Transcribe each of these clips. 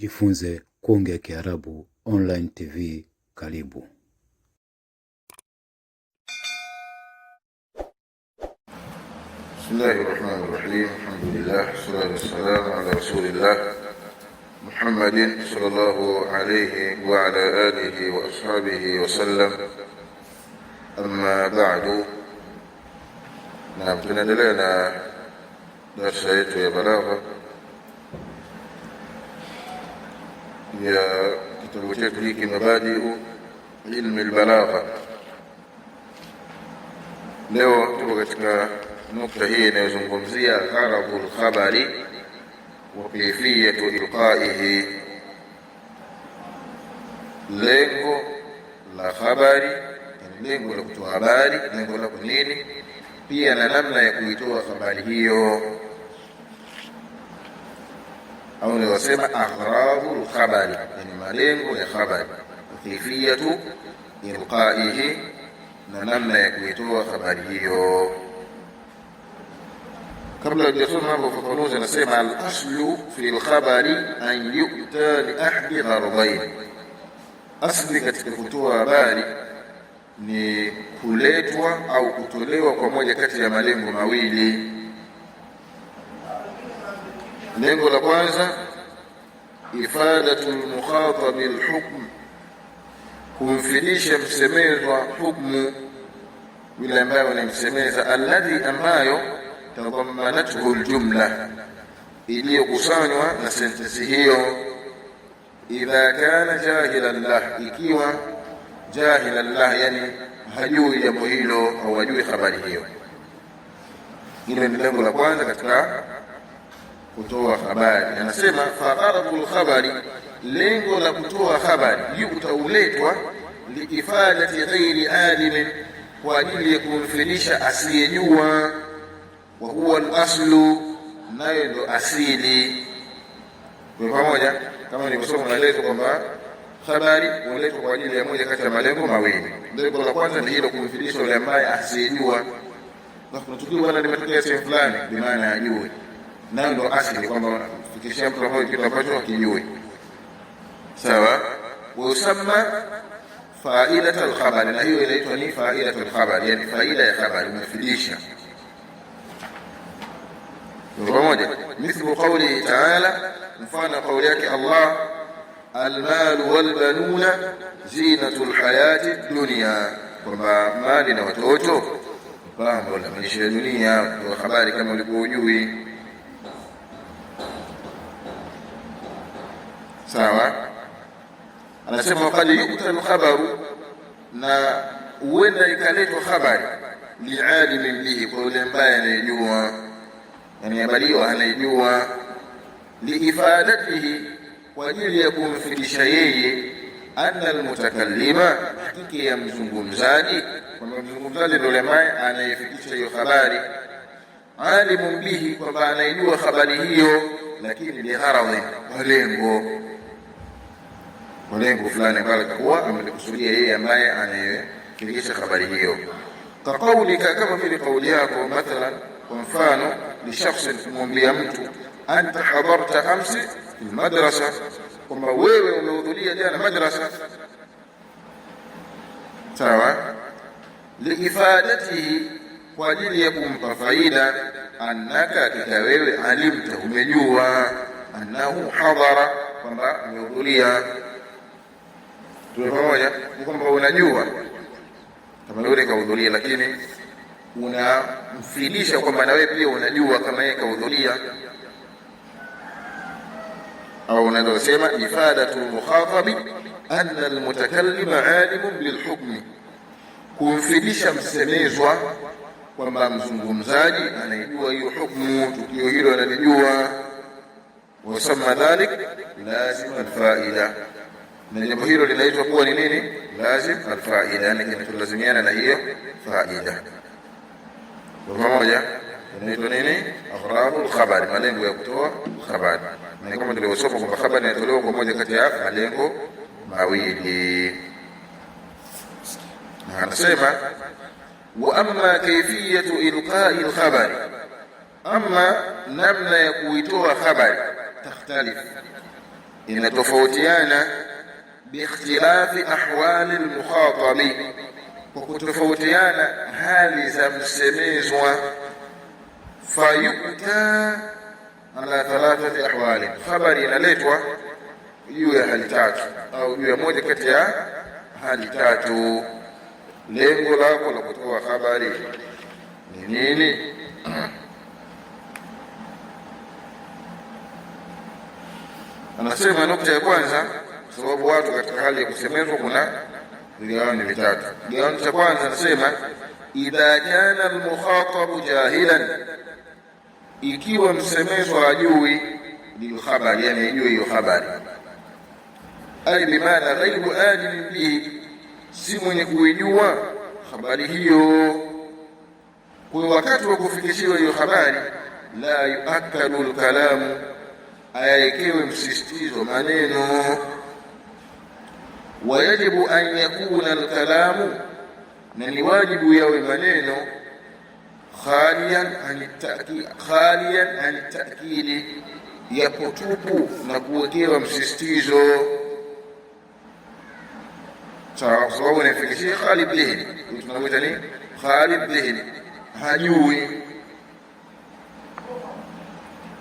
Jifunze kuongea Kiarabu online TV karibu. Bismillahi rahmani rahim alhamdulillah wassalatu wassalamu ala rasulillah Muhammadin sallallahu alayhi wa ala alihi wa ashabihi wa sallam. Amma ba'du, na tunaendelea na darsa yetu ya balagha ya kitabu chetu hiki Mabadiu Ilmi Albalagha. Leo tuko katika nukta hii inayozungumzia gharadhu lkhabari wa kaifiyatu ilqaihi, lengo la khabari, lengo la kutoa habari, lengo la kunini, pia na namna ya kuitoa habari hiyo au niwasema aghradu lkhabari, yani malengo ya khabari, wakifiyatu ilqaihi, na namna ya kuitoa habari hiyo. Kabla hujasoma hapo, fafanuzi anasema alaslu fi lkhabari an yu'ta bi ahadi gharadaini, asli katika kutoa habari ni kuletwa au kutolewa kwa moja kati ya malengo mawili Lengo la kwanza ifadatu lmukhatabi lhukm, kumfidisha msemezwa hukmu, yule ambayo wanamsemeza, alladhi ambayo tadhammanathu ljumla, iliyokusanywa na sentensi hiyo. Idha kana jahila llah ikiwa jahilan lah, yani hajui jambo hilo au hajui habari hiyo. Hilo ni lengo la kwanza katika kutoa habari. Anasema fagharadul khabari, lengo la kutoa habari utauletwa liifadati ghairi alimin, kwa ajili ya kumfidisha asiyejua. Wa huwa alaslu, nayo ndo asili. Kwa pamoja, kama nilivyosoma maelezo kwamba habari huletwa kwa ajili ya moja kati ya malengo mawili. Lengo la kwanza ni hilo, kumfidisha yule ambaye asiyejua, na kuna tukio bwana limetokea sehemu fulani, bimaana ajue nayo ndo asili kwamba fikishia mtu mmoja kitu ambacho hakijui. Sawa, wayusamma faidatu alkhabari, na hiyo inaitwa ni faidatu alkhabari, yani faida ya khabari, umefidisha pamoja. Mithlu qawlihi taala, mfano kauli yake Allah, almalu walbanuna zinatu lhayati dunia, kwamba mali na watoto pambo la maisha ya dunia. Habari kama ulikuwa ujui Sawa, anasema wakad yukta khabaru, na huenda ikaletwa habari lialimin bihi, kwa yule ambaye anayejua, anayebaliwa, anayejua liifadatihi, kwa ajili ya kumfikisha yeye anna almutakallima, hakiki ya mzungumzaji, kwamba mzungumzaji ndio lemaye anayefikisha hiyo habari alimu bihi, kwamba anaijua habari hiyo, lakini biharadhi, kwa lengo malengo fulani ambayo alikuwa amelikusudia yeye ambaye anayefikisha habari hiyo. Kaqaulika, kama vile kauli yako, mathalan, kwa mfano, ni shakhsi kumwambia mtu anta hadarta amsi madrasa, kwamba wewe umehudhuria jana madrasa. Sawa, liifadatihi, kwa ajili ya kumpa faida, annaka, hakika wewe alimta, umejua, annahu hadhara, kwamba umehudhuria tuwe pamoja, kwamba unajua yule kahudhuria, lakini unamfidisha kwamba na wewe pia unajua kama yeye kahudhuria, au unaweza kusema ifadatu mukhatabi anna almutakallima alimu lilhukmi kumfidisha msemezwa kwamba mzungumzaji anaijua hiyo hukmu tukio hilo analijua. Wasamma dhalik lazima lfaida na jambo hilo linaitwa kuwa ni nini? Lazim alfaida ni kinacholazimiana na hiyo faida pamoja, inaitwa nini? Aghrabul khabari, malengo ya kutoa khabar. Ni kama tulivyosoma kwamba habari inatolewa kwa moja kati ya malengo mawili. Anasema wa amma kayfiyatu ilqai alkhabari, amma namna ya kuitoa habari, takhtalif, inatofautiana biikhtilafi ahwali lmukhatami kwa kutofautiana hali za msemezwa. Fayukta ala thalathati ahwali, habari inaletwa juu ya hali tatu au juu ya moja kati ya hali tatu. Lengo lako la kutoa habari ni nini? Anasema nukta ya kwanza sababu watu katika hali ya kusemezwa kuna vigawani vitatu. Kigawani cha kwanza anasema idha kana almukhatabu jahilan, ikiwa msemezwa ajui lilkhabari, yani ajui hiyo habari, ai bimaana ghairu alimin bihi, si mwenye kuijua habari hiyo. Kwa wakati wa kufikishiwa hiyo habari, la yuakalu lkalamu, ayekewe msisitizo maneno ويجب أن يكون الكلام نواجب يوم المنين خاليا عن التأكيد خاليا عن التأكيد يبطوك نقوتي ومسستيزو تعصبون في الشيء خالي بلهن خالي بلهن هنيوي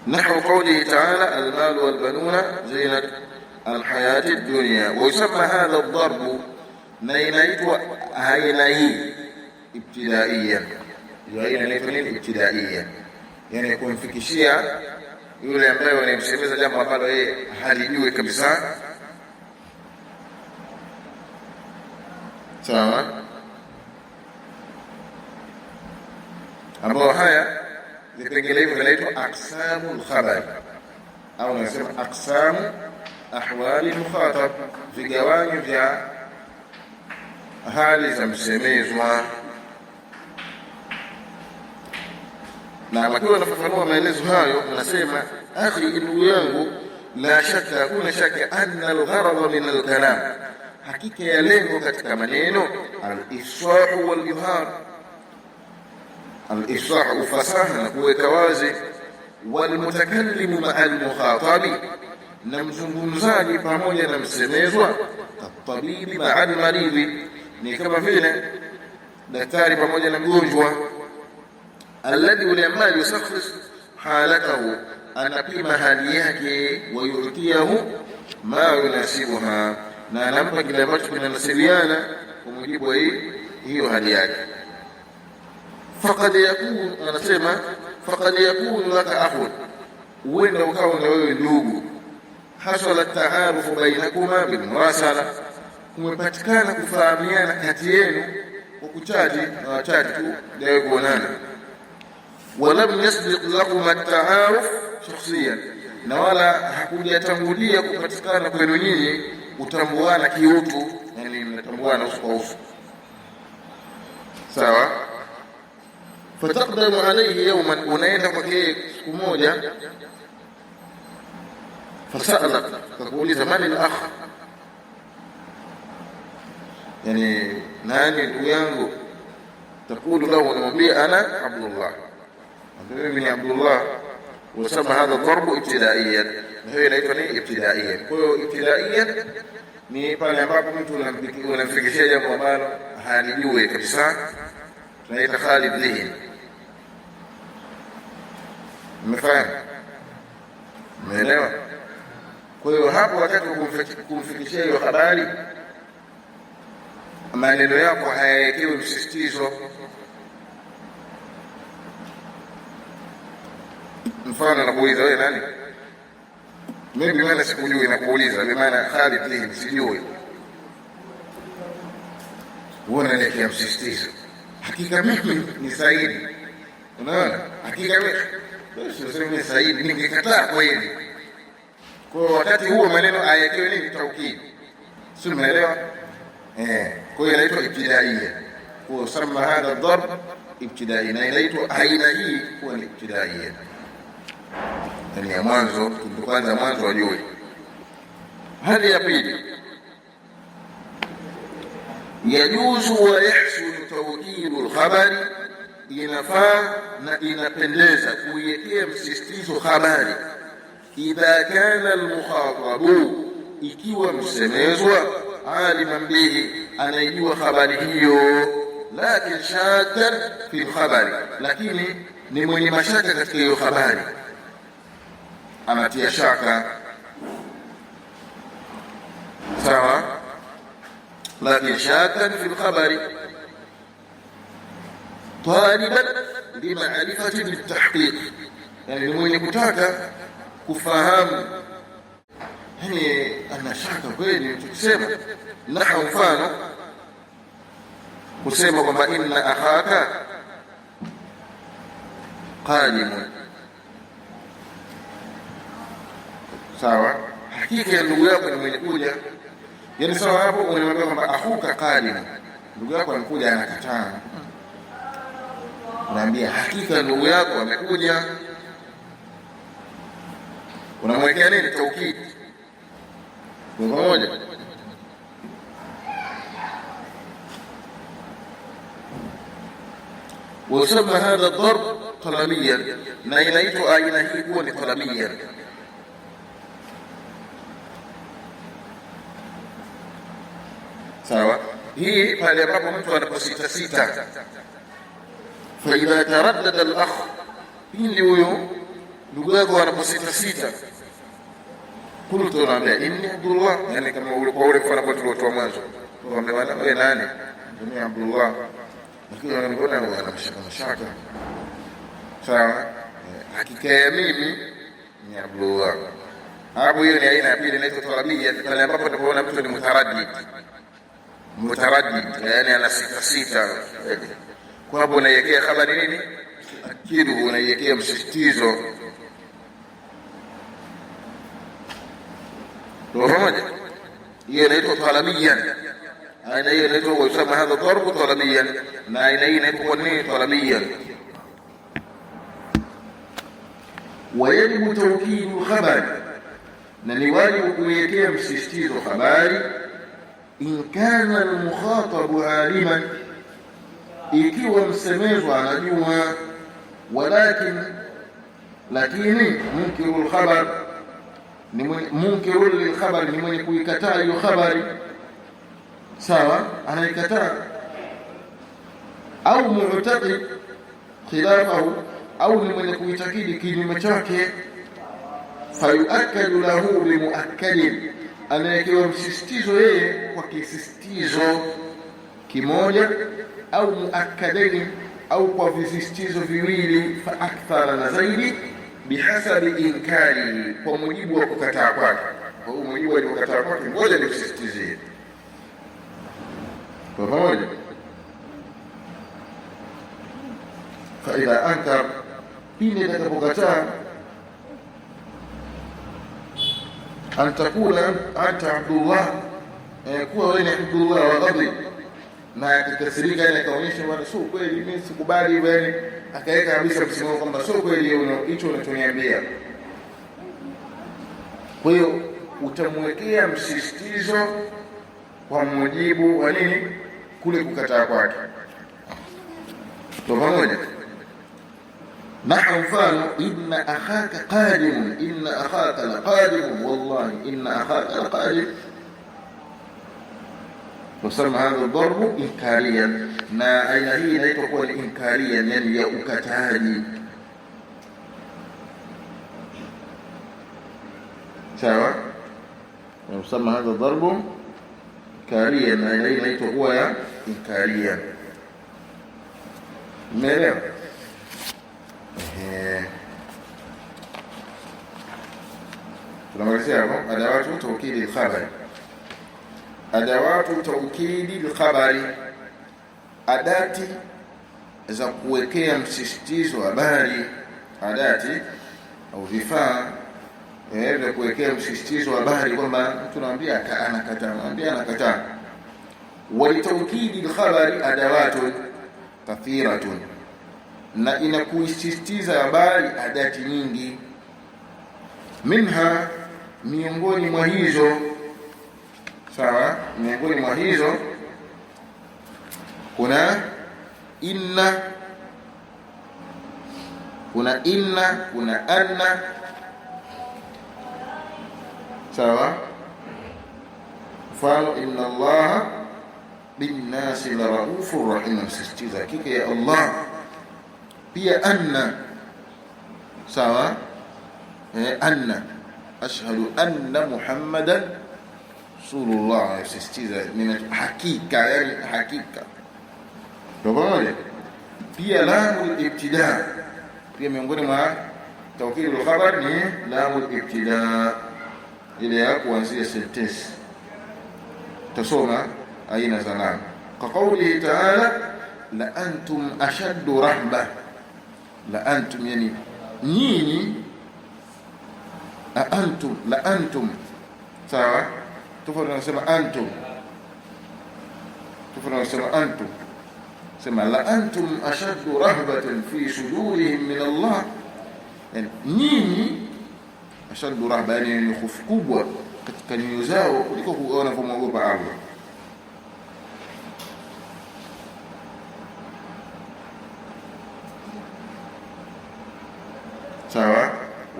نحو قوله تعالى المال والبنون زينة alhayati dunia, waisama hadha dharbu, na inaitwa aina hii ibtidaiyan Hiyo aina inaitwa nini? Ibtidaiya, yani kumfikishia yule ambaye wanamsemeza jambo ambalo yeye halijui kabisa. Sawa, ambao haya vipengele hivyo vinaitwa aqsamul khabari au nasema aksamu أحوال المخاطب في جوانب يا زم زمسيمي زما نعم كيف نفهمه ما يلزم هاي نسيما أخي إنه ينغو لا شك أكون شك أن الغرض من الكلام حقيقة يلينه كتك منينو الإصلاح والإظهار الإصلاح فصاحنا هو كوازي والمتكلم مع المخاطب na mzungumzaji pamoja na msemezwa, tabibi maa almaridhi, ni kama vile daktari pamoja na mgonjwa. Alladhi ule ambaye yusakhis halatahu, anapima hali yake, wayutiahu ma yunasibuha, na anampa kile ambacho kinanasibiana kwa mujibu wa hiyo hali yake. Faqad yakun, anasema faqad yakun laka akhun, huenda ukawa na wewe ndugu hasala taarufu bainakuma bilmurasala, kumepatikana kufahamiana kati yenu kwa kuchaji na wachaji tu bila kuonana. Walam yasbiq lakuma taaruf shakhsiyan, na wala hakujatangulia kupatikana kwenu nyinyi utambuana kiutu, yani mnatambuana uso kwa uso, sawa fataqdamu alayhi yawman, unaenda kwake siku moja fasala kakuuliza mali lakh, yani nani ndugu yangu? Takulu lahu, unamwambia ana Abdullah, mimi ni Abdullah. Wasama hadha darbu ibtidaiyan, na hiyo inaitwa ni ibtidaiyan. Kwa hiyo ibtidaiyan ni pale ambapo mtu unamfikishia jambo ambalo halijue kabisa, tunaita khalid dhihin. Mmefahamu? Mmeelewa? Kwa hiyo hapo, wakati wa kumfikishia hiyo habari, maneno yako hayawekewi msisitizo. Mfano nakuuliza wewe nani, mimi bimaana sikujui, nakuuliza maana Khalid lihim, sijui uonalekea msisitizo. Hakika mimi ni Saidi, unaona, hakika mimi Saidi, ningekataa kweli kwa wakati huo maneno ayakewe nini? Taukidi, si mnaelewa eh? Kwa hiyo inaitwa ibtidaia, kwa usamma hadha darb ibtidai, na inaitwa aina hii kuwa ni ibtidaia, yani ya mwanzo, kwanza mwanzo wajue. Hali ya pili, yajuzu wa yahsulu taukidu lkhabari, inafaa na inapendeza kuiwekea msisitizo habari idha kana almukhatabu, ikiwa msemezwa aliman bihi, anaijua habari hiyo, lakin shakan fi lkhabari, lakini ni mwenye mashaka katika hiyo habari, anatia shaka sawa, lakin shakan fi lkhabari taliban bimaarifati bitahqiq, yani ni mwenye kutaka kufahamu. Yani ana shaka kweli tukisema naha, mfano kusema kwamba inna ahaka qadimun, sawa, hakika ya ndugu yako ni mwenye kuja. Yani sawa, hapo unamwambia kwamba ahuka qadimun, ndugu yako amekuja, anakataa, unaambia hakika ndugu yako amekuja unamwekea nini taukid pamoja ويسمى هذا الضرب قلميا نيليت أين يكون قلميا سواء هي قال رب من ستة ستة فإذا تردد الأخ من اللي ndugu yako wanaposita sita kultu, naambia inni Abdullah, yani kama ule kwa ule mfano ambao tuliotoa mwanzo, kwamba wana wewe nani? Eh, mimi Abdullah, lakini wana mbona wana mshaka mshaka Sawa, hakika ya mimi ni Abdullah. Hapo hiyo ni aina ya pili, inaitwa talabia, pale ambapo utaona mtu ni mutaraddid, mutaraddid yani eh, ana sita sita, eh, kwa sababu unaiwekea habari nini, akidu, unaiwekea msisitizo وروج ينيته طلبيا أين ينيته ويسمى هذا الضرب طلبيا ما أين ينيته والنين طلبيا ويجب توكيد خبر نلواجب كويتيا مسستيز خباري إن كان المخاطب عالما ikiwa msemezwa anajua walakin lakini munkirul khabar ni mwenye lilkhabari, ni mwenye kuikataa hiyo habari, sawa, anaikataa au mu'taqid khilafahu, au ni mwenye kuitakidi kinyume chake. Fayuakkadu lahu bimuakadin anaekewa msistizo yeye kwa kisistizo kimoja, au muakkadain, au kwa visistizo viwili, fa akthara na zaidi bihasabi inkari, kwa mujibu wa kukataa kwake. Kwa hiyo mujibu wa kukataa kwake, ngoja nikusisitizie kwa pamoja, fa idha ankar, pindi atakapokataa antakula anta Abdullah, eh, kuwa wewe ni Abdullah wa ghadhib, na akikasirika, ile kaonyesha bwana, sio kweli, mimi sikubali wewe akaweka kabisa msimamo kwamba sio kweli hicho unachoniambia. Kwa hiyo utamwekea msisitizo kwa mujibu wa nini, kule kukataa kwake. Kwa pamoja? Nahu mfano, inna akhaka qadim, inna akhaka laqadim, wallahi inna akhaka laqadim. Wasama hadha darbu inkaria na aina hii inaitwa kuwa ni inkaria, yani ya ukataji. Sawa, namsama hadha dharbu karia, na aina hii inaitwa kuwa ya inkaria. Umeelewa? tunamalizia hapo. Adawatu taukidi lkhabari, adawatu taukidi lkhabari adati za kuwekea msisitizo habari, adati au vifaa eh, vya kuwekea msisitizo habari kwamba mtu anaambia anakataa, anaambia anakataa. walitaukidi lkhabari adawatun kathiratun, na inakuisistiza habari adati nyingi. Minha, miongoni mwa hizo sawa, miongoni mwa hizo kuna inna kuna inna kuna anna sawa mfano inna allaha binnasi la raufur rahim msisitiza hakika ya allah pia anna sawa eh, anna ashhadu anna muhammadan rasulullah msisitiza hakika yani hakika Ndio pia langu ibtida, pia miongoni mwa tawkidul khabar ni langu ibtida, ile ya kuanzia sentensi. Tasoma aina za langu kwa kauli taala, la antum ashaddu rahba. La antum yani nyinyi, a antum, la antum sawa, tofauti na kusema antum, tofauti na kusema antum sema la antum ashaddu rahbatan fi sudurihim min Allah, yani nyinyi ashaddu rahba, yani wenye hofu kubwa katika nyoyo zao kuliko wanavyomwogopa Allah. Sawa,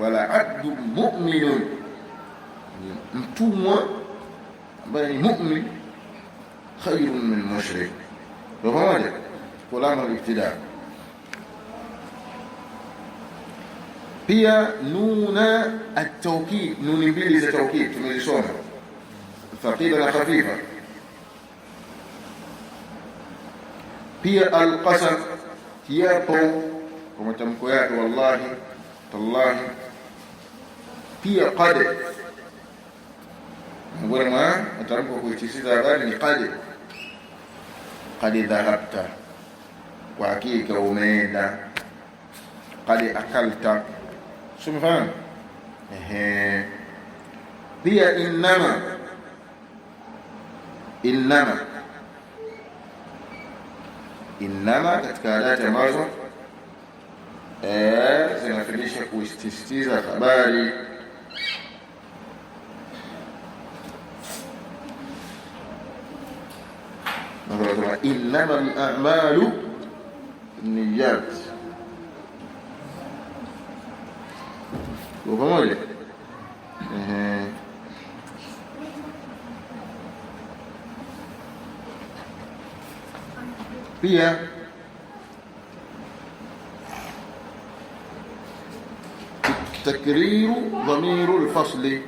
wala abdu mu'minun, mtumwa ambaye ni mu'min khairun min mushrik. Pamoja kulamu libtida. Pia nuna ataukid, nuni mbili za taukid tumelisoma, thaqila na khafifa. Pia alqasam, kiapo kwa matamko yake, wallahi tallahi. Pia qad miongoni mwa matamko kuitisisa adhani ni qad qad dhahabta kwa hakika umeenda, qad akalta, sumefahamu. Ehe, pia innama, innama, innama katika adati ambazo e, zinafundisha kusisitiza habari innama al niyat. pamoja? Pia takriru dhamiru lfasli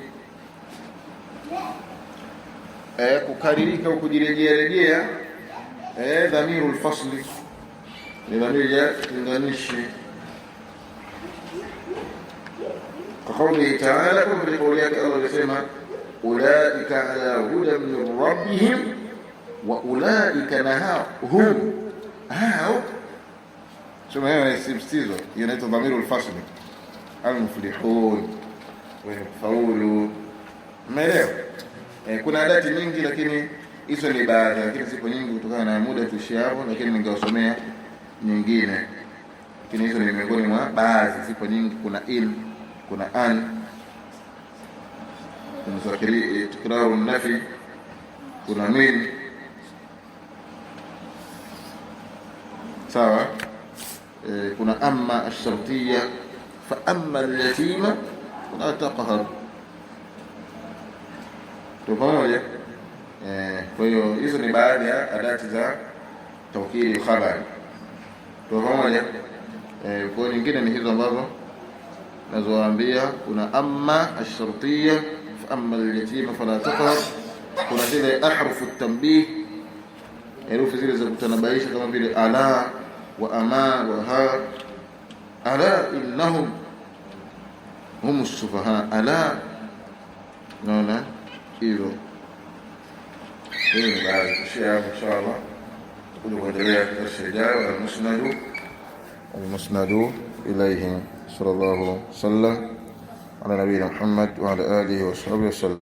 eh, kukaririka ukujirejearejea eh, dhamiru lfasli ni maneno tunganishi kwa taala, kama katika kauli yake Allah alisema ulaika ala huda min rabbihim wa ulaika naha hao hum hao sema hiyo inasisitizwa, hiyo inaitwa dhamiru lfasli almuflihun wafaulu. Umeelewa? Eh, kuna adati nyingi, lakini hizo ni baadhi, lakini zipo nyingi kutokana na muda tuishie hapo, lakini ningewasomea nyingine, lakini hizo ni miongoni mwa baadhi, zipo nyingi. Kuna il, kuna an, kuna tikraru eh, nafi, kuna min. Sawa, eh, kuna amma ashartiya, fa amma alyatima la taqhar. Tuko eh. Kwa hiyo hizo ni baadhi ya adati za tawkili khabari pamoja. Eh, kwa nyingine ni hizo ambazo nazowaambia. Kuna amma ash-shartiyya fa amma al-yatima fala taqhar, kuna zile ahrufu tanbih, herufi zile za kutanabaisha kama vile ala wa ama wa ha ala innahum hum sufaha ala, naona hivyo. Hii ni baadhi, inshallah. والعياء الشجاع والمسند المسند إليه صلى الله وسلم على نبينا محمد وعلى آله وصحبه وسلم